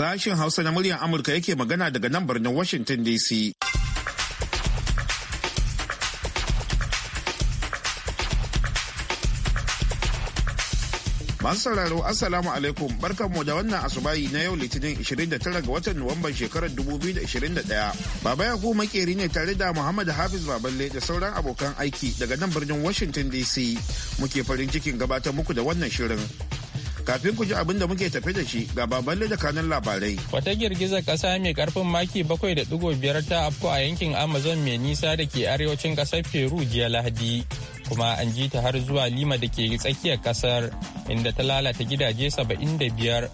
Sashen Hausa na muryar Amurka yake magana daga nan birnin Washington DC. Masu sauraro Assalamu alaikum barkanmu da wannan asubahi na yau Litinin 29 ga watan Nuwamban shekarar 2021. Baba kuma makeri ne tare da Muhammad Hafiz Baballe da sauran abokan aiki daga nan birnin Washington DC. Muke farin cikin gabatar muku da wannan shirin. kafin ku ji abin da muke tafe da shi ga baban da kanan labarai. Wata girgizar kasa mai karfin maki bakwai da digo biyar ta afko a yankin Amazon mai nisa da ke arewacin kasar Peru jiya Lahadi. Kuma an ji ta har zuwa Lima da ke tsakiyar kasar inda ta lalata gidaje saba'in da biyar.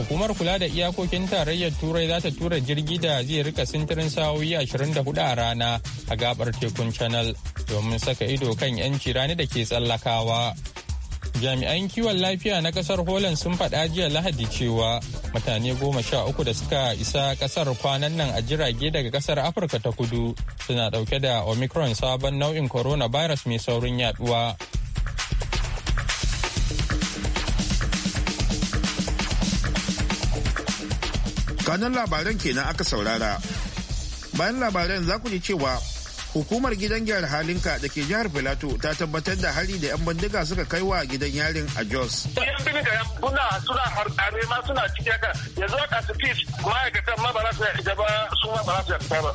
Hukumar kula da iyakokin tarayyar Turai za ta tura jirgi da zai rika sintirin sa'o'i hudu a rana a gabar tekun Channel domin saka ido kan 'yanci rani da ke tsallakawa. jami'an kiwon lafiya na kasar holland sun faɗa jiya lahadi cewa mutane goma sha uku da suka isa kasar kwanan nan a jirage daga kasar afirka ta kudu suna ɗauke da omicron sabon nau'in corona coronavirus mai saurin yaduwa kanan labaran kenan aka saurara bayan labaran za ku ji cewa hukumar gidan gyar halinka da ke jihar filato ta tabbatar da hari da 'yan bindiga suka kai wa gidan yarin a jos yan bindiga suna suna harkare ma suna yanzu su ma'aikatan ma ba za su ba su ma ba za su ba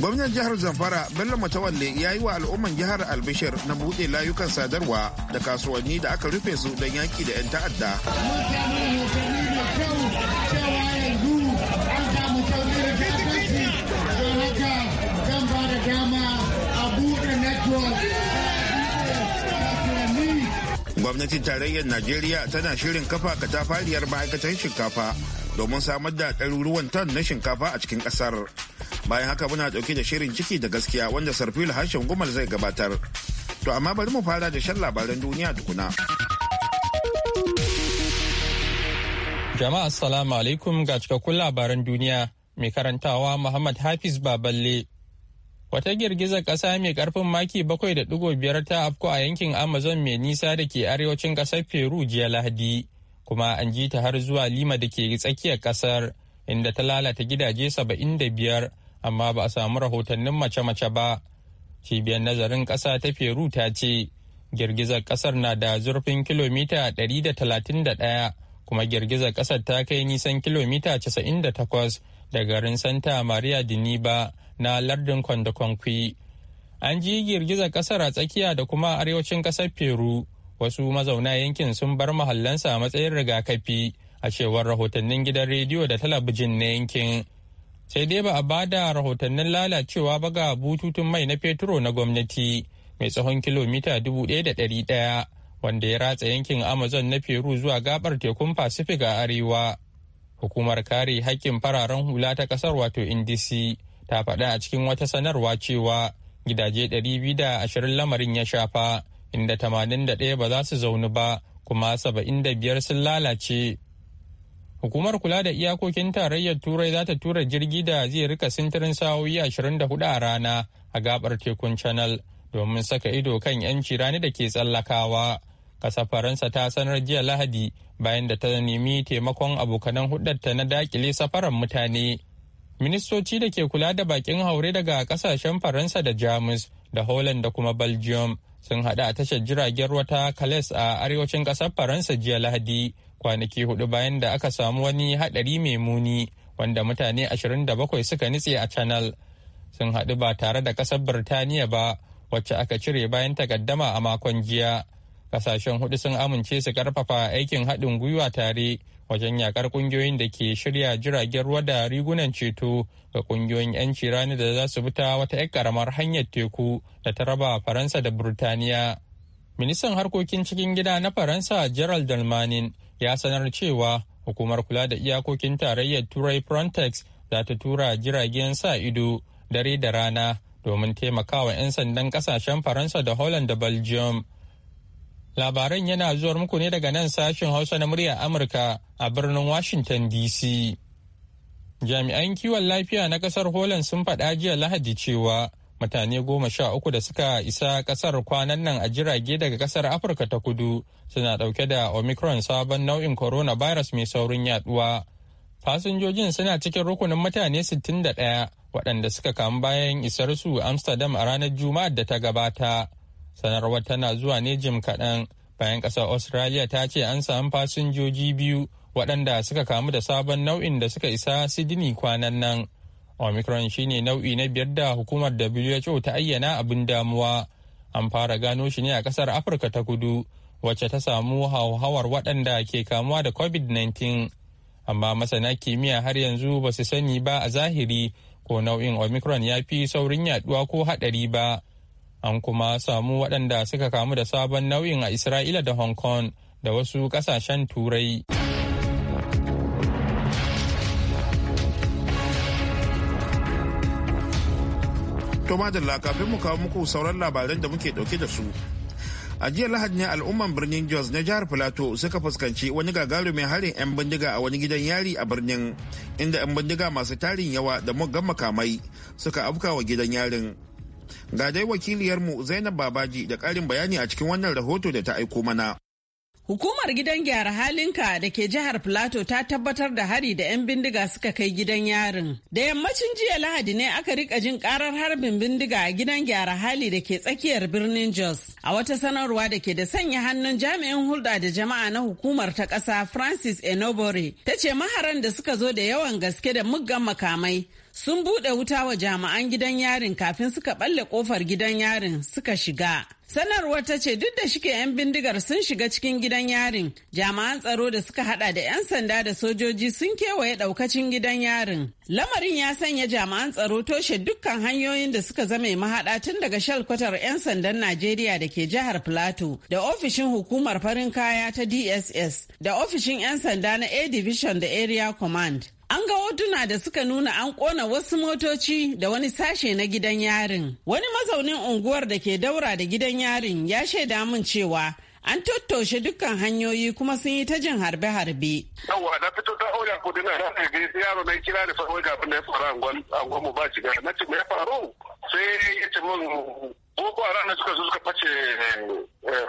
Gwamnan jihar Zamfara Bello Matawalle ya yi wa al'umman jihar Albishir na buɗe layukan sadarwa da kasuwanni da aka rufe su don yaki da 'yan ta'adda. gwamnatin tarayyar najeriya tana shirin kafa katafariyar ma'aikatan shinkafa domin samar da ɗaruruwan tan na shinkafa a cikin ƙasar bayan haka muna ɗauke da shirin ciki da gaskiya wanda sarfil harshen gumal zai gabatar to amma bari mu fara da shan labaran duniya tukuna jama'a assalamu alaikum ga cikakkun labaran duniya mai karantawa muhammad hafiz baballe Wata girgizar ƙasa mai ƙarfin maki 7.5 ta afko a yankin Amazon mai nisa da ke arewacin ƙasar Peru jiya Lahadi, kuma an ji ta har zuwa Lima da ke tsakiyar ƙasar, inda ta lalata gidaje 75, amma ba a samu rahotannin mace-mace ba. Cibiyar nazarin ƙasa ta Peru ta ce, girgizar ƙasar na da zurfin kilomita 131, kuma girgizar ƙasar ta kai nisan kilomita 98 da garin santa maria diniba na lardin kwandakwankwi an ji girgizar kasar a tsakiya da kuma arewacin kasar peru wasu mazauna yankin sun bar mahallansa a matsayin rigakafi a cewar rahotannin gidan rediyo da talabijin na yankin sai dai ba a bada rahotannin lalacewa ba ga bututun mai na feturo na gwamnati mai tsawon kilomita dubu da 1,100 wanda ya ratsa yankin amazon na peru zuwa gabar tekun pacific a arewa Hukumar kare hakkin fararen hula ta ƙasar wato NDC ta faɗa a cikin wata sanarwa cewa gidaje 220 lamarin ya shafa inda 81 ba za su zaune ba kuma 75 sun lalace. Hukumar kula da iyakokin tarayyar Turai za ta tura jirgi da zai rika sintirin sa'o'i 24 a rana a gabar tekun Channel domin saka ido kan 'yanci rani da ke tsallakawa. Ƙasar Faransa ta sanar jiya Lahadi bayan da ta nemi taimakon abokanan hudarta na dakile safaran mutane. Ministoci da ke kula da bakin haure daga kasashen Faransa da Jamus da Holland da kuma Belgium sun haɗu a tashar jiragen wata kales a arewacin kasar Faransa jiya Lahadi kwanaki hudu bayan da aka samu wani haɗari mai muni wanda mutane 27 suka nitse a Channel. Sun hadu ba tare da kasar Birtaniya ba wacce aka cire bayan takaddama a makon jiya. Kasashen hudu sun amince su karfafa aikin haɗin gwiwa tare wajen yakar kungiyoyin da ke shirya jiragen ruwa da rigunan ceto ga kungiyoyin 'yanci rani da za su fita wata 'yan karamar hanyar teku da ta raba Faransa da Burtaniya. Ministan harkokin cikin gida na Faransa Gerald Dalmanin ya sanar cewa hukumar kula da iyakokin tarayyar Turai Frontex za ta tura jiragen sa ido dare da rana domin taimakawa 'yan sandan kasashen Faransa da Holland da Belgium. Labaran yana zuwa muku ne daga nan sashen Hausa na murya Amurka a birnin Washington DC. Jami'an kiwon lafiya na kasar Holland sun faɗa jiya Lahadi cewa mutane goma sha uku da suka isa kasar kwanan nan a jirage daga kasar Afirka ta kudu suna ɗauke da Omicron sabon nau'in corona coronavirus mai saurin yaduwa. Fasinjojin suna cikin rukunin mutane sittin da ɗaya waɗanda suka kamu bayan isar su Amsterdam a ranar Juma'ar da ta gabata. sanarwar tana zuwa ne jim kaɗan bayan ƙasar australia ta ce an samu fasinjoji biyu waɗanda suka kamu da sabon nau'in da suka isa sidini kwanan nan omicron shine nau'i na biyar da hukumar who ta ayyana abin damuwa an fara gano shi ne a ƙasar afirka ta kudu wacce ta samu hauhawar waɗanda ke kamuwa da covid-19 amma masana kimiyya har yanzu ba su sani ba a zahiri ko nau'in omicron ya fi saurin yaduwa ko haɗari ba an kuma samu waɗanda suka kamu da sabon nauyin a isra'ila da hong kong da wasu ƙasashen turai to kafin mu kawo muku sauran labaran da muke ɗauke da su a jiya lahadi ne al'umman birnin jos na jihar filato suka fuskanci wani gagarumin harin 'yan bindiga a wani gidan yari a birnin inda 'yan bindiga masu tarin yawa da muggan makamai suka afka wa gidan yarin Ga dai wakiliyarmu Zainab Babaji da ƙarin bayani a cikin wannan rahoto da ta aiko mana. Hukumar gidan gyara halinka da ke jihar Plateau ta tabbatar da hari da 'yan bindiga suka kai gidan yarin. Da yammacin jiya Lahadi ne aka rika jin karar harbin bindiga a gidan gyara hali da ke tsakiyar birnin Jos. A wata sanarwa da ke da sanya hannun jami'in hulɗa da jama'a na hukumar ta ƙasa Francis Enobore ta ce maharan da suka zo da yawan gaske da muggan makamai sun buɗe wuta wa jami'an gidan yarin kafin suka ɓalle kofar gidan yarin suka shiga. Sanarwar ta ce duk da shike 'yan bindigar sun shiga cikin gidan yarin, jami'an tsaro da suka hada da 'yan sanda da sojoji sun kewaye daukacin gidan yarin. Lamarin ya sanya jami'an tsaro toshe dukkan hanyoyin da suka zame mahada tun daga shalkwatar 'yan sandan Najeriya da ke jihar Plateau da ofishin hukumar farin kaya ta DSS da ofishin 'yan sanda na A Division da Area Command. An ga hotuna da suka nuna an kona wasu motoci da wani sashe na gidan yarin. Wani mazaunin unguwar da ke daura da gidan yarin ya shaida min cewa an tattoshe dukkan hanyoyi kuma sun yi ta jin harbe-harbe. Yawwa na fito ta yaro na kira da farko ga abin da ya faru a ba na ce faru sai ya ce min boko ranar suka zo suka face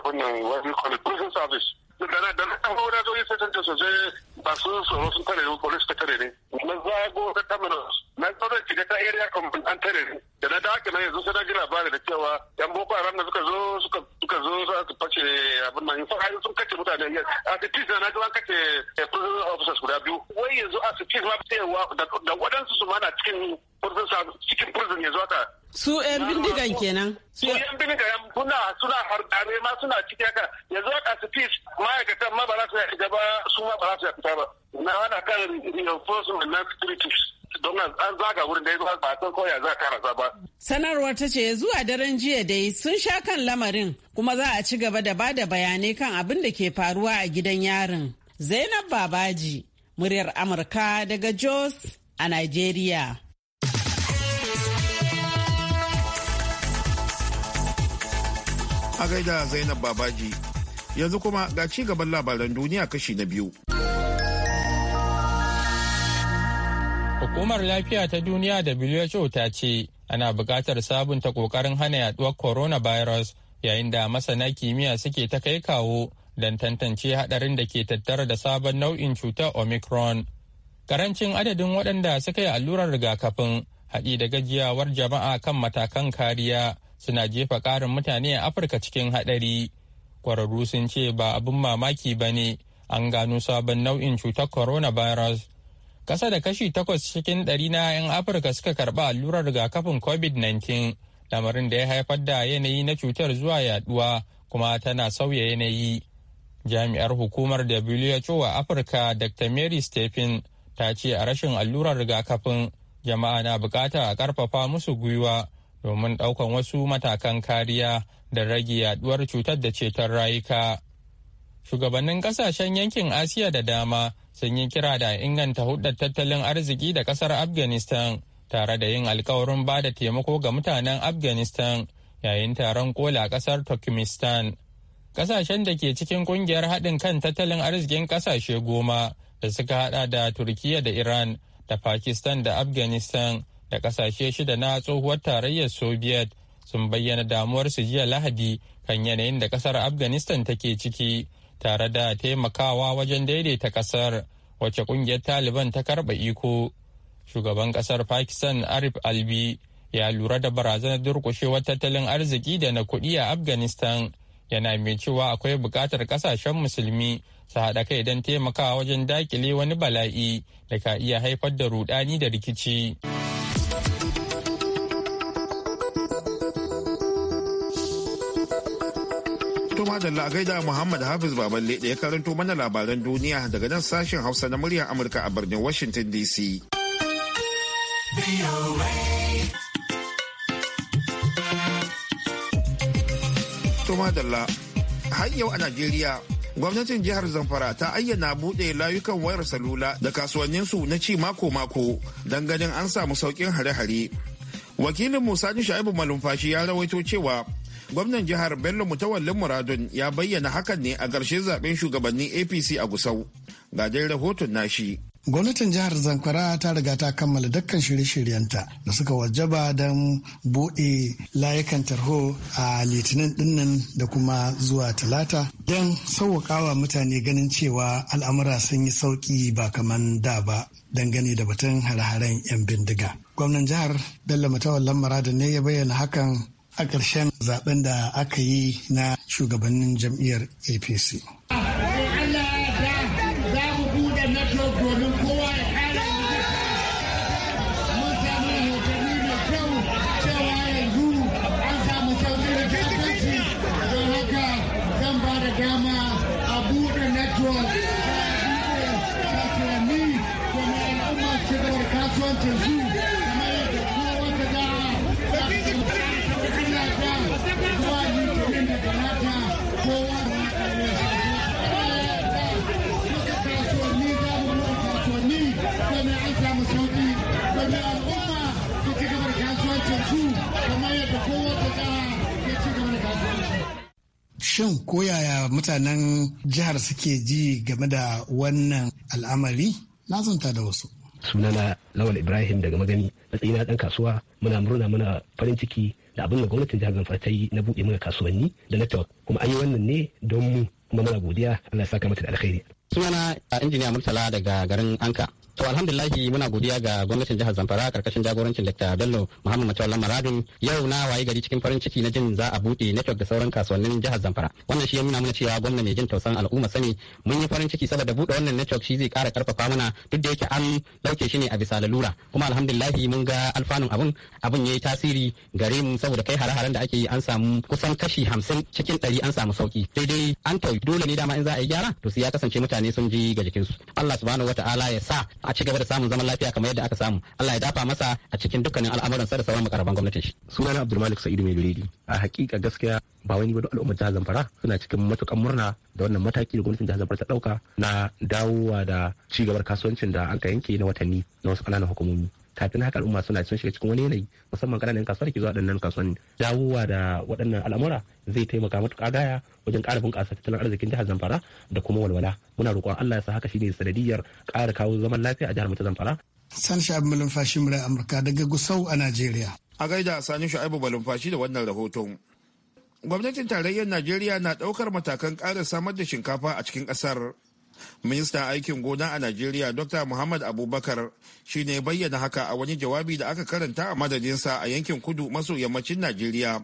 wannan eh, eh, wani kwalifikashin service da da na kawo na zo yi satanta sosai ba su tsoro sun tare ne police ta tare ne na zago ta terminus na tsoro shiga ta area compound an tare ne da na dawo kenan yanzu sai na ji labari da cewa yan boko haram da suka zo suka suka zo su face abin nan har sun kace mutane yes asibiti na ga an kace eh, prison officers guda biyu wai yanzu tis ma cewa da wadansu su mana cikin prison cikin prison yanzu haka su yan bindigan kenan su yan bindigan suna suna harɗare ma suna ciki haka yanzu haka asibiti ma'aikatan ma ba za su yi gaba su ma ba za su yi ta ba na ana kan reinforcement na securities don an zaga wurin da ya ba san ko ya za ba. Sanarwar ta ce zuwa daren jiya dai sun sha kan lamarin kuma za a ci gaba da ba da bayanai kan abin da ke faruwa a gidan yarin. Zainab Babaji, muryar Amurka daga Jos a Nigeria. A gaida Zainab Babaji, yanzu kuma ga ci gaban labaran duniya kashi na biyu. Hukumar lafiya ta duniya da WHO ta ce ana buƙatar sabunta ƙoƙarin hana yaduwar coronavirus yayin da masana kimiyya suke ta kai kawo don tantance haɗarin da ke tattara da sabon nau'in cutar omicron karancin adadin waɗanda suka yi allurar rigakafin haɗi da gajiyawar jama'a kan matakan kariya suna jefa ƙarin mutane a afirka cikin haɗari kwararru sun ce ba abin mamaki ba ne an gano sabon nau'in cutar coronavirus ƙasa da kashi takwas cikin ɗari na 'yan afirka suka karɓa allurar rigakafin covid-19 lamarin da ya haifar da yanayi na cutar zuwa yaduwa kuma tana sauya yanayi jami'ar hukumar who a afirka dr mary stephen ta ce a rashin allurar rigakafin jama'a na bukata a karfafa musu gwiwa domin daukan wasu matakan kariya da rage yaduwar cutar da ceton rayuka shugabannin kasashen yankin asiya da dama sun yi kira da inganta hudar tattalin arziki da kasar afghanistan tare da yin alkawarin ba da taimako ga mutanen afghanistan yayin taron koli a kasar turkmenistan kasashen da ke cikin kungiyar haɗin kan tattalin arzikin kasashe goma da suka haɗa da turkiyya da iran da pakistan da afghanistan da kasashe shida na tsohuwar tarayyar soviet sun bayyana damuwarsu jiya lahadi kan yanayin da kasar afghanistan take ciki tare da taimakawa wajen daidaita kasar wacce kungiyar taliban ta karba iko shugaban kasar pakistan arif albi ya lura da barazanar durkushewar tattalin arziki da na kuɗi a afghanistan yana mai cewa akwai buƙatar ƙasashen musulmi su haɗa kai don taimakawa wajen dakile wani bala'i da ka iya haifar da rudani da rikici. Tuma da Muhammad Hafiz Baballe da ya karanto mana labaran duniya daga nan sashen Hausa na muryar Amurka a birnin Washington DC. Toma Dalla, har yau a Najeriya gwamnatin jihar zamfara ta ayyana buɗe layukan wayar salula da kasuwanninsu na ci mako-mako don ganin an samu sauƙin hare-hare wakilin musa ni sha'ibu malumfashi ya rawaito cewa gwamnan jihar bello mutawallin muradun ya bayyana hakan ne a ƙarshen zaben shugabannin apc a gusau ga dai rahoton nashi Gwamnatin jihar Zamfara ta riga ta kammala dukkan shirye-shiryenta da suka wajaba don buɗe layukan tarho a litinin dinnan da kuma zuwa talata don sauwaƙawa mutane ganin cewa al'amura sun yi sauƙi ba kaman da ba dangane da batun hare-haren 'yan bindiga. Gwamnan jihar Bello lamara da ne ya bayyana hakan a ƙarshen zaben da aka yi na shugabannin jam'iyyar APC. nan ko yaya mutanen jihar suke ji game da wannan al'amari na da wasu sunana lawal ibrahim daga magani matsayina dan kasuwa muna murna muna farin ciki da abin da gwamnatin jihar zamfara ta yi na buɗe mana kasuwanni da network kuma an yi wannan ne don mu kuma muna godiya allah ya saka mata da alkhairi sunana injiniya murtala daga garin anka To alhamdulillahi muna godiya ga gwamnatin jihar Zamfara karkashin jagorancin Dr. Bello Muhammad Matawalla Maradun yau na waye gari cikin farin ciki na jin za a bude network da sauran kasuwannin jihar Zamfara. Wannan shi ya nuna mana cewa gwamna mai jin tausan al'umma sani mun yi farin ciki saboda bude wannan network shi zai kara karfafa mana duk da yake an dauke shi ne a bisa lalura kuma alhamdulillahi mun ga alfanun abun abun yi tasiri gare mu saboda kai hare-haren da ake yi an samu kusan kashi hamsin cikin ɗari an samu sauki sai dai an tauyi dole ne dama in za a yi gyara to sai ya kasance mutane sun ji ga jikinsu. Allah subhanahu wataala ya sa a cigaba gaba da samun zaman lafiya kamar yadda aka samu Allah ya dafa masa a cikin dukkanin al'amuran sa da sauran makarban gwamnatin shi sunana Abdulmalik Sa'idu mai biredi a hakika gaskiya ba wani ba al'ummar jihar Zamfara suna cikin matukan murna da wannan mataki da gwamnatin jihar Zamfara ta dauka na dawowa da ci gabar kasuwancin da an ka yanke na watanni na wasu kananan hukumomi kafin haka al'umma suna sun shiga cikin wani yanayi musamman kananan kasuwar ke zuwa ɗannan kasuwan dawowa da waɗannan al'amura zai taimaka matuƙa gaya wajen ƙara bunƙasa tattalin arzikin jihar Zamfara da kuma walwala muna roƙon Allah ya sa haka shine sanadiyar ƙara kawo zaman lafiya a jihar mu ta Zamfara San Sha'ib Malumfashi Murai Amurka daga Gusau a Najeriya a gaida Sani Shu'aibu Malumfashi da wannan rahoton gwamnatin tarayyar Najeriya na ɗaukar matakan ƙara samar da shinkafa a cikin ƙasar ministan aikin gona a najeriya dr muhammad abubakar shi ne bayyana haka a wani jawabi da aka karanta a madadinsa a yankin kudu maso yammacin najeriya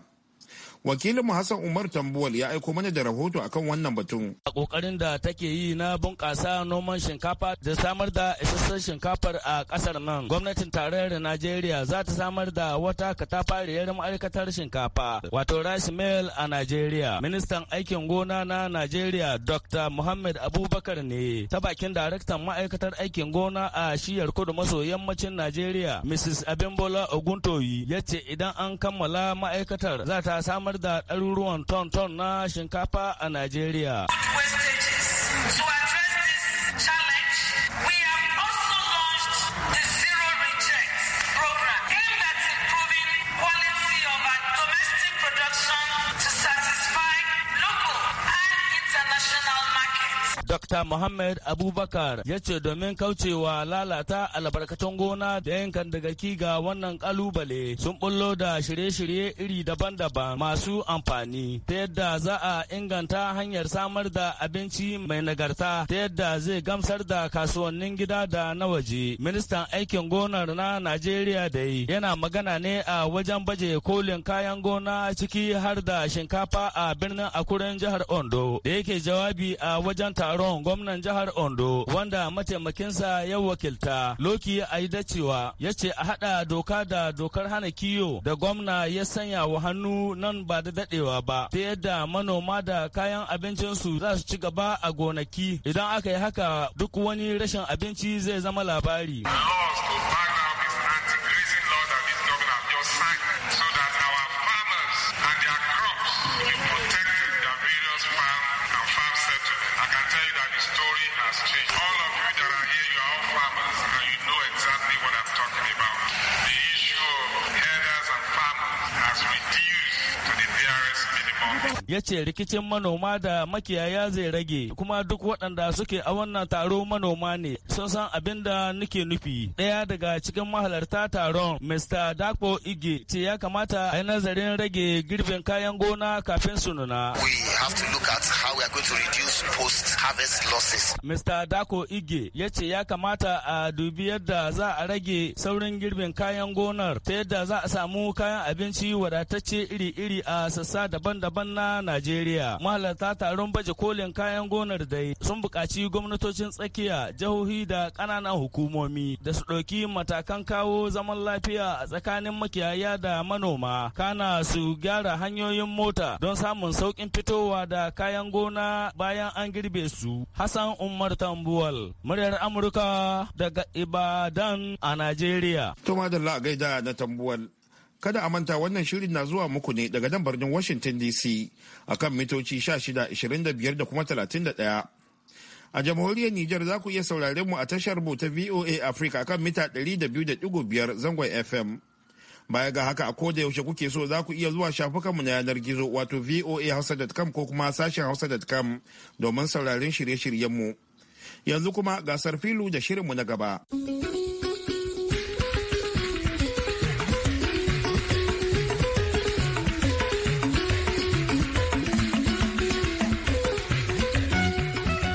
wakilinmu hassan umar tambuwal ya aiko mana da rahoto akan wannan batun a kokarin da take yi na bunƙasa noman shinkafa da samar da isasshen shinkafar a ƙasar nan gwamnatin tarayyar najeriya za ta samar da wata katafariyar ma'aikatar shinkafa wato rice mill a najeriya ministan aikin gona na najeriya dr muhammad abubakar ne ta bakin daraktan ma'aikatar aikin gona a shiyar kudu maso yammacin najeriya mrs abimbola oguntoyi ya ce idan an kammala ma'aikatar za ta samar samar da ɗaruruwan ton-ton na shinkafa a Najeriya. Dr. Muhammad Abubakar ya ce domin kaucewa lalata albarkatun gona da yin dagaki ga wannan kalubale sun bullo da shirye-shirye iri daban-daban masu amfani ta yadda za a inganta hanyar samar da abinci mai nagarta ta yadda zai gamsar da kasuwannin gida da na waje. Ministan aikin gonar na Najeriya da yi yana magana ne a wajen baje kolin kayan gona ciki har da shinkafa a birnin Akuren jihar Ondo da yake jawabi a wajen taron taron gwamnan jihar Ondo wanda mataimakinsa ya wakilta Loki dacewa ya ce a haɗa doka da dokar hana kiyo da gwamna ya sanya wa hannu nan ba da dadewa ba ta yadda manoma da kayan abincinsu za su ci gaba a gonaki idan aka yi haka duk wani rashin abinci zai zama labari. ya ce rikicin manoma da makiyaya zai rage kuma duk waɗanda suke a wannan taro manoma ne sun san abin da nake nufi ɗaya daga cikin mahalarta taron mr dakpo ige ce ya kamata a yi nazarin rage girbin kayan gona kafin su nuna we have to look at we are going to reduce post-harvest losses. Mr. Dako Ige ya ce ya kamata a dubi yadda za a rage saurin girbin kayan gonar ta yadda za a samu kayan abinci wadatacce iri-iri a sassa daban-daban na Najeriya. Mahalarta taron baje kolin kayan gonar da sun buƙaci gwamnatocin tsakiya, jihohi da ƙananan hukumomi da su ɗauki matakan kawo zaman lafiya a tsakanin makiyaya da manoma. Kana su gyara hanyoyin mota don samun sauƙin fitowa da kayan gonar gona bayan an girbe su. Hassan Umar Tambuwal, muryar Amurka daga Ibadan a Najeriya. Tuma da la gaida na Tambuwal. Kada a manta wannan shirin na zuwa muku ne daga nan birnin Washington DC akan mitoci 16, 25 da kuma 31. a jamhuriyar Nijar za ku iya saurare mu a tashar mu ta VOA Africa kan mita 200.5 zangon FM. Baya ga haka a koda yaushe kuke so za ku iya zuwa shafukanmu na yanar gizo wato voa voahausa.com ko kuma sashen hausa.com domin saurarin shirye-shiryenmu. Yanzu kuma gasar filu da shirinmu na gaba.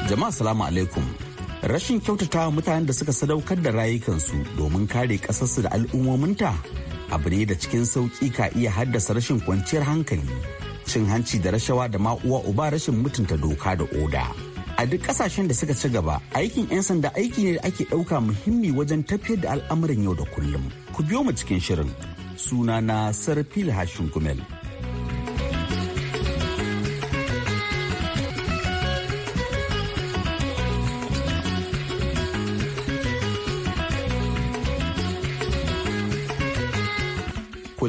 Jama'a salamu alaikum. Rashin kyautatawa mutanen da suka sadaukar da rayukansu domin kare ƙasarsu da al'ummominta abu ne da cikin sauƙi ka iya haddasa rashin kwanciyar hankali cin hanci da rashawa da uwa uba rashin mutunta doka da oda a duk kasashen da suka ci gaba aikin 'yan sanda aiki ne da ake ɗauka muhimmi wajen tafiyar da al'amuran yau da kullum ku biyo mu cikin shirin suna na sarfil hashin Gumel.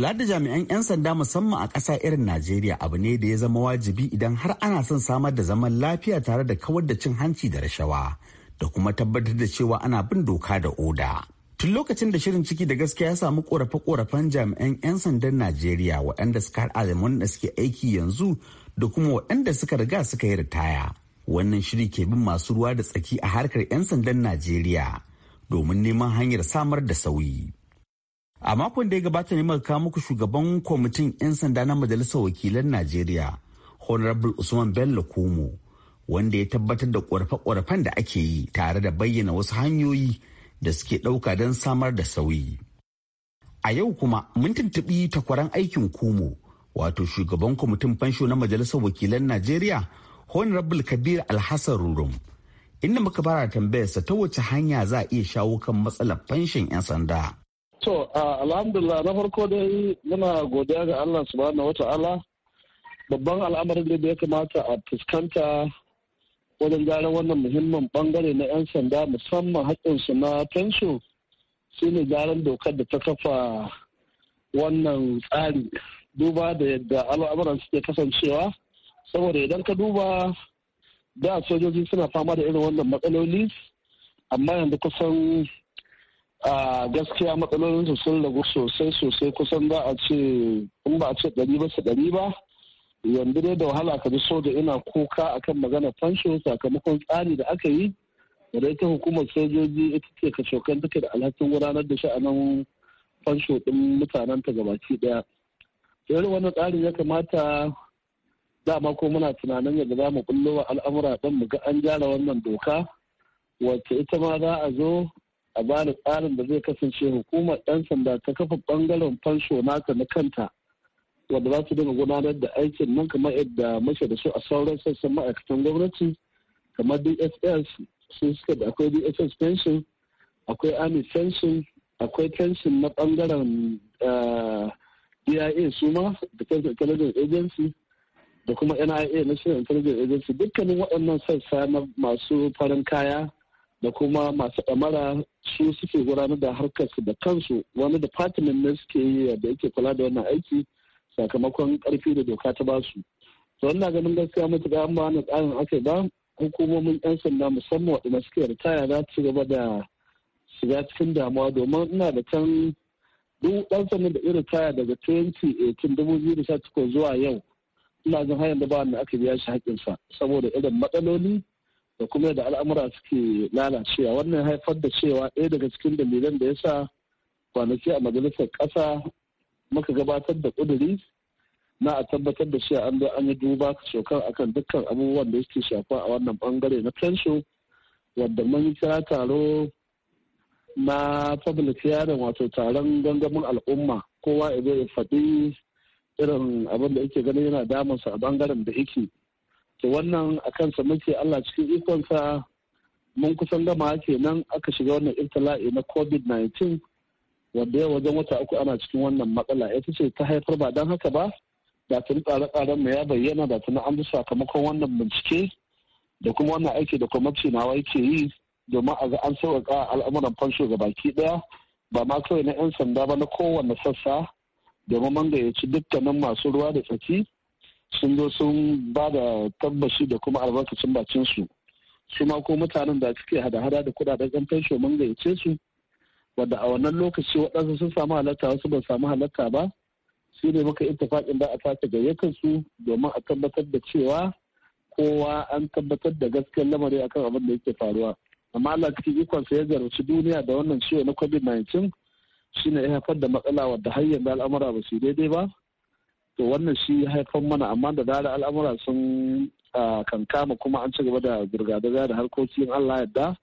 Kula da jami'an 'yan sanda musamman a ƙasa irin Najeriya abu ne da ya zama wajibi idan har ana son samar da zaman lafiya tare da kawar da cin hanci da rashawa da kuma tabbatar da cewa ana bin doka da oda. Tun lokacin da shirin ciki da gaskiya ya samu korafe-korafen jami'an 'yan sandan Najeriya waɗanda suka haɗa da wanda suke aiki yanzu da kuma waɗanda suka riga suka yi ritaya. Wannan shiri ke bin masu ruwa da tsaki a harkar 'yan sandan Najeriya domin neman hanyar samar da sauyi. a makon da ya gabata ne muka muku shugaban kwamitin 'yan sanda na majalisar wakilan najeriya honorable usman bello kumo wanda ya tabbatar da ƙorafe-ƙorafen da ake yi tare da bayyana wasu hanyoyi da suke ɗauka don samar da sauyi a yau kuma mun tuntuɓi takwaran aikin kumo wato shugaban kwamitin fansho na majalisar wakilan najeriya honorable kabir alhassan rurum inda muka fara tambayarsa ta wace hanya za a iya shawo kan matsalar fanshin 'yan sanda To, alhamdulillah na farko dai muna godiya ga Allah subhanahu wata'ala babban al'amarin da ya kamata a fuskanta wajen gyara wannan muhimmin bangare na 'yan sanda musamman haƙƙinsu na fensho shi ne gyaran dokar da ta kafa wannan tsari duba da yadda al'amuran suke kasancewa saboda idan ka duba da sojoji suna fama da irin wannan matsaloli amma yanzu kusan a gaskiya su sun ragu sosai sosai kusan za a ce in ba a ce ɗari ba su ɗari ba yanzu dai da wahala ka ji da ina kuka akan magana fansho sakamakon tsari da aka yi da ita hukumar sojoji ita ce ka shokan take da alhakin gudanar da sha'anin fansho din mutanen ta gabaki daya. irin wannan tsarin ya kamata dama ko muna tunanin yadda za mu bullo wa al'amura dan mu ga an gyara wannan doka wacce ita ma za a zo a bani tsarin da zai kasance hukumar ɗan sanda ta kafa ɓangaren fansho naka na kanta wanda za su dinga gudanar da aikin nan kamar yadda mace da su a sauran sassan ma'aikatan gwamnati kamar dss sun suka da akwai dss pension akwai army pension akwai pension na ɓangaren eh, dia su ma defense intelligence agency da kuma nia national intelligence agency dukkanin waɗannan sassa na masu farin kaya da kuma masu ɗamara su suke gudanar da harkarsu da kansu wani department ne suke yi da yake kula da wannan aiki sakamakon ƙarfi da doka ta basu to wannan ganin gaskiya matuƙa an ba wani tsarin aka ba hukumomin 'yan sanda musamman waɗanda suke ritaya za su gaba da shiga cikin damuwa domin ina da can duk ɗan sanda da irin taya daga 2018 zuwa yau ina zan hanyar da ba wanda aka biya shi sa saboda irin matsaloli da kuma da al'amura suke lalacewa wannan haifar da cewa ɗaya daga cikin dalilan da ya sa kwanaki a majalisar ƙasa muka gabatar da ƙuduri na a tabbatar da cewa an an yi duba shokan akan dukkan abubuwan da suke shafa a wannan bangare na fensho wadda mun kira taro na public hearing wato taron gangamin al'umma kowa ya faɗi irin abin da yake ganin yana damunsa a bangaren da yake da wannan a kansa muke allah cikin ikonsa mun kusan gama kenan aka shiga wannan ibtila'i na covid-19 wanda ya wajen wata uku ana cikin wannan matsala ita ce ta haifar ba don haka ba da tuni tsare-tsaren mu ya bayyana da tuni an bi sakamakon wannan bincike da kuma wannan aiki da kwamiti nawa yake yi domin a ga an sauƙaƙa al'amuran fansho ga baki ɗaya ba ma kawai na 'yan sanda ba na kowanne sassa domin man gayyaci dukkanin masu ruwa da tsaki sun zo sun ba da tabbashi da kuma albarkacin bakin su su ma ko mutanen da suke hada-hada da kudaden yan fensho mun gayyace su wadda a wannan lokaci waɗansu sun samu halatta wasu ban samu halatta ba shi ne muka ittifaƙin da a sake gayyatar su domin a tabbatar da cewa kowa an tabbatar da gaskiyar lamari akan abin da yake faruwa amma Allah cikin ikonsa ya zarci duniya da wannan ciwo na covid-19 shine ya haifar da matsala wadda har yanzu al'amura ba su daidai ba to wannan shi haifar mana amma da dare al'amura sun kankama kuma an ci gaba da zirga-zirga da harkokin allah yadda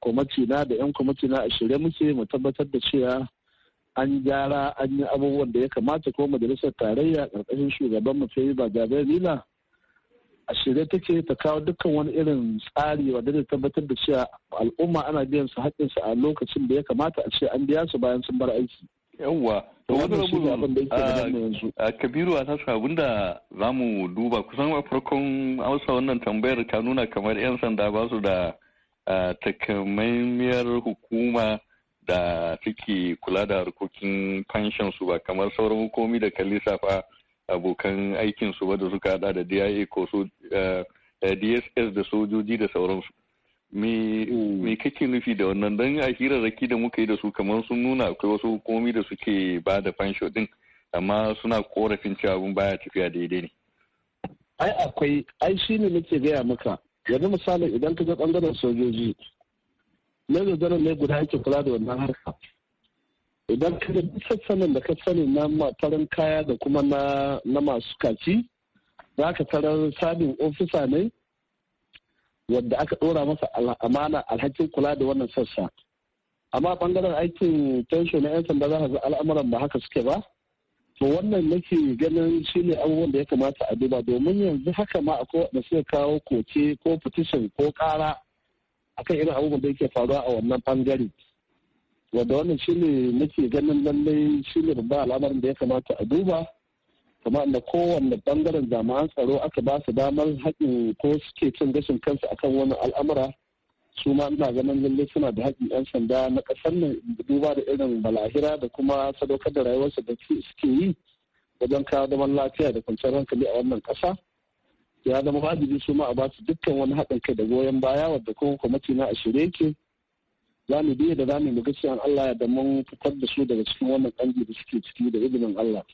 kwamitina da 'yan kwamitina a shirye muke mu tabbatar da cewa an gyara an yi abubuwan da ya kamata ko majalisar tarayya karkashin shugaban mu sai ba jabe lila a shirye take ta kawo dukkan wani irin tsari wanda zai tabbatar da cewa al'umma ana biyan su haƙƙinsu a lokacin da ya kamata a ce an biya su bayan sun bar aiki yawwa da wani ah, a ah, kabiru a tasu da za mu duba kusan a farkon amsa wannan tambayar ka nuna kamar 'yan sanda ba su da ah, takamaimiyar hukuma da suke kula da harkokin fanshin su ba kamar sauran hukumi da kalisa fa abokan aikin su ba da suka hada da dia ko dss da sojoji da sauransu Mm. me kake nufi da wannan don a hirarraki da muka yi da su kamar sun nuna akwai wasu hukumomi da suke ba da fansho din amma suna korafin cewa abun baya tafiya daidai ne ai akwai ai shi ne nake gaya maka yanzu misali idan ka ga bangaren sojoji na zazzara ne guda ake kula da wannan harka idan ka ga duk sassanin da ka sani na farin kaya da kuma na masu kaci za ka tarar sabin ofisa ne wadda aka ɗora masa amana alhakin kula da wannan sassa amma ɓangaren aikin tension na 'yan sanda za ga al'amuran ba haka suke ba to wannan nake ganin shi ne abubuwan da ya kamata a duba domin yanzu haka ma akwai waɗanda suka kawo koke ko petition ko ƙara akan irin abubuwan da yake faruwa a wannan bangare wadda wannan shi ne nake ganin lallai shi ne babban al'amarin da ya kamata a duba kuma da kowanne bangaren jami'an tsaro aka ba su damar haƙin ko suke cin gashin kansu akan wani al'amura su ma ina ganin lalle suna da haƙin 'yan sanda na ƙasar nan duba da irin balahira da kuma sadaukar da rayuwarsa da suke yi wajen kawo zaman lafiya da kwanciyar hankali a wannan ƙasa ya zama wajibi su ma a ba su dukkan wani haɗin kai da goyon baya wadda kuma kwamiti na a shirye ke za mu biya da za mu ga an Allah ya da mun fitar da su daga cikin wannan ƙangi da suke ciki da izinin Allah.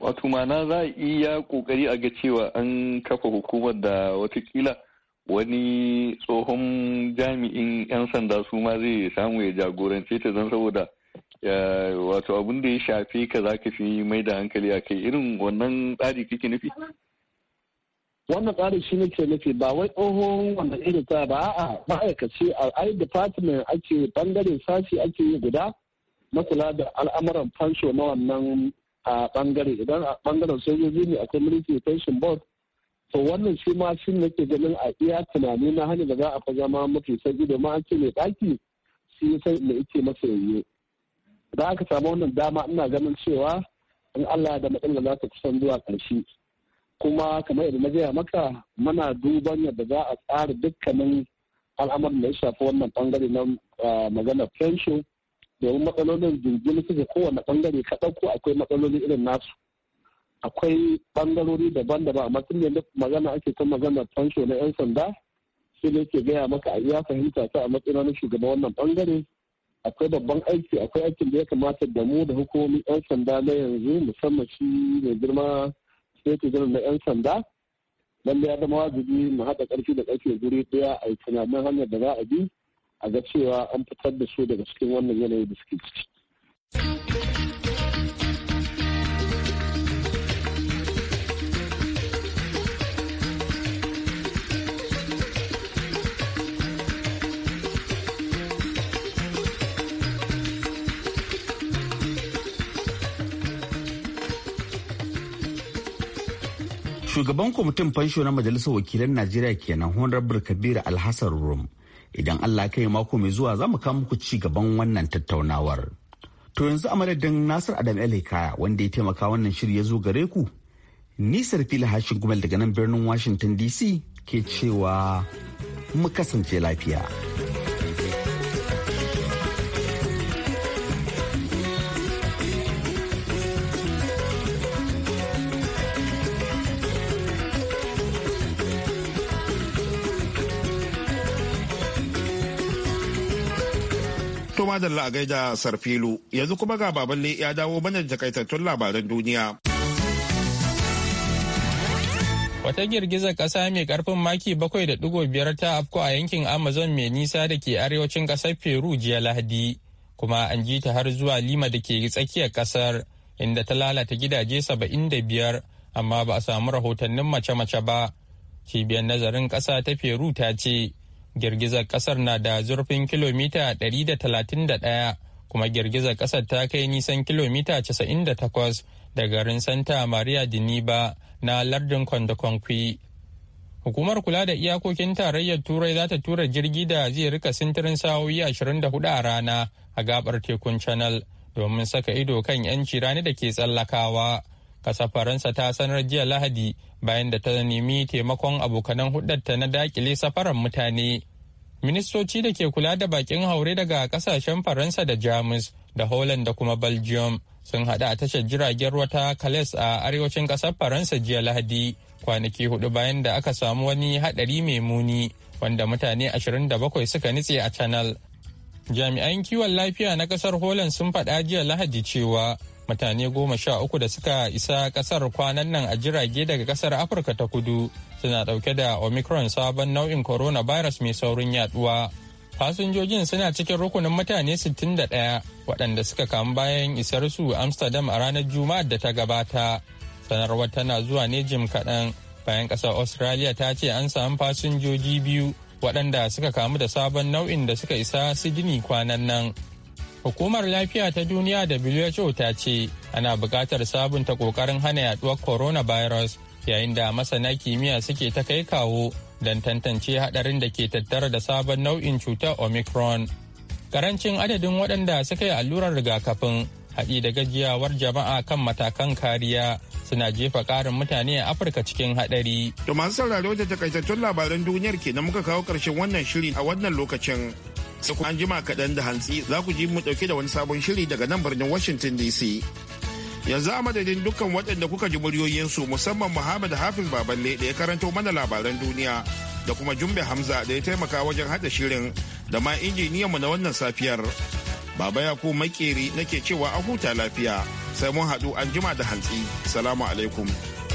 wato mana za a iya kokari a ga cewa an kafa hukumar da watakila wani tsohon jami'in 'yan sanda su ma zai samu ya jagorance ta don saboda wato abin da ya shafe ka za ka fi mai da hankali a kai irin wannan tsari kake nufi wannan tsari shi ne ke nufi ba wai tsohon wanda irin ta ba a ma'aikaci a ai department ake bangaren sashi ake yi guda na kula da al'amuran fansho na wannan a bangare idan a bangaren sojoji ne akwai mulki pension board to wannan shi ma shi nake ganin a iya tunani na hanyar da za a fa zama mafi sauki da an ce mai ɗaki shi ya san me yake masa yayye idan aka samu wannan dama ina ganin cewa in Allah da matsalar za ta kusan zuwa ƙarshe kuma kamar yadda na gaya maka muna duban yadda za a tsara dukkanin al'amarin da ya shafi wannan bangare na eh, maganar pension domin matsalolin jirgin suke kowane bangare kaɗan ko akwai matsaloli irin nasu akwai bangarori daban-daban amma tun da magana ake ta magana fansho na 'yan sanda shi ne ke gaya maka a iya fahimta ta a matsayin shugaban wannan bangare akwai babban aiki akwai aikin da ya kamata da mu da hukumomin 'yan sanda na yanzu musamman shi mai girma sai na 'yan sanda lallai ya zama wajibi mu haɗa ƙarfi da ƙarfe guri ɗaya a yi tunanin hanyar da za a bi a ga cewa an fitar da su daga cikin wannan yanayi da suke ciki. shugaban kwamitin fansho na majalisar wakilan najeriya kenan honorable kabir alhassan rum idan Allah kai mako mai zuwa za mu kawo muku ci gaban wannan tattaunawar. To yanzu a madadin Nasir Adam Elikaya wanda ya taimaka wannan shiri ya zo gare ku. Nisar fili hashin gumel daga nan birnin Washington DC ke cewa mu kasance lafiya. To madalla a gaida Sarfilu, yanzu kuma ga baballe ya dawo mana takaitattun labaran duniya. Wata girgizar ƙasa mai karfin maki bakwai da biyar ta afko a yankin Amazon mai nisa da ke arewacin ƙasar Peru jiya Lahadi, kuma an ji ta har zuwa Lima da ke tsakiyar ƙasar, inda ta lalata gidaje saba'in da biyar amma ba a samu rahotannin mace-mace ba. Cibiyar nazarin ƙasa ta Peru ta ce, girgizar kasar na da zurfin kilomita 131 kuma girgizar kasar ta kai nisan kilomita 98 da garin santa maria diniba na lardin kwandakonkwi hukumar kula da iyakokin tarayyar turai za ta tura jirgi da zai rika sintirin sa'o'i 24 a rana a gabar tekun channel domin saka ido kan 'yanci rani da ke tsallakawa Ƙasar Faransa ta sanar jiya Lahadi bayan da ta nemi taimakon abokanan hudarta na dakile safaran mutane. Ministoci da ke kula da bakin haure daga kasashen Faransa da Jamus da Holland da kuma Belgium sun haɗa a tashar jiragen wata ta a arewacin kasar Faransa jiya Lahadi kwanaki hudu bayan da aka samu wani hadari mai muni wanda mutane 27 suka nitse a Channel. Jami'an kiwon lafiya na kasar Holland sun faɗa jiya Lahadi cewa mutane goma sha uku da suka isa kasar kwanan nan a jirage daga kasar afirka ta kudu suna dauke da omicron sabon nau'in coronavirus mai saurin yaduwa fasinjojin suna cikin rukunin mutane 61 waɗanda suka kamu bayan isar su amsterdam a ranar juma'ar da ta gabata sanarwar tana zuwa ne jim kaɗan bayan ƙasar australia ta ce an samu fasinjoji biyu waɗanda suka kamu da sabon nau'in da suka isa Sydney kwanan nan Hukumar lafiya ta duniya da WHO ta ce ana buƙatar sabunta ƙoƙarin hana yaduwar coronavirus yayin da masana kimiyya suke ta kai kawo don tantance haɗarin da ke tattara da sabon nau'in cutar Omicron. Karancin adadin waɗanda suka yi allurar rigakafin haɗi da gajiyawar jama'a kan matakan kariya suna jefa ƙarin mutane a afirka cikin haɗari. to masu sauraro da takaitattun labaran duniyar ke na muka kawo ƙarshen wannan shirin a wannan lokacin sai kuma an jima kaɗan da hantsi za ku ji mu ɗauke da wani sabon shiri daga nan birnin Washington DC. Yanzu a madadin dukkan waɗanda kuka ji muryoyinsu musamman Muhammad Hafiz Baballe da ya karanto mana labaran duniya da kuma Jumbe Hamza da ya taimaka wajen haɗa shirin da ma mu na wannan safiyar. Baba Yakubu Makeri nake cewa a huta lafiya sai mun haɗu an jima da hantsi. Salamu alaikum.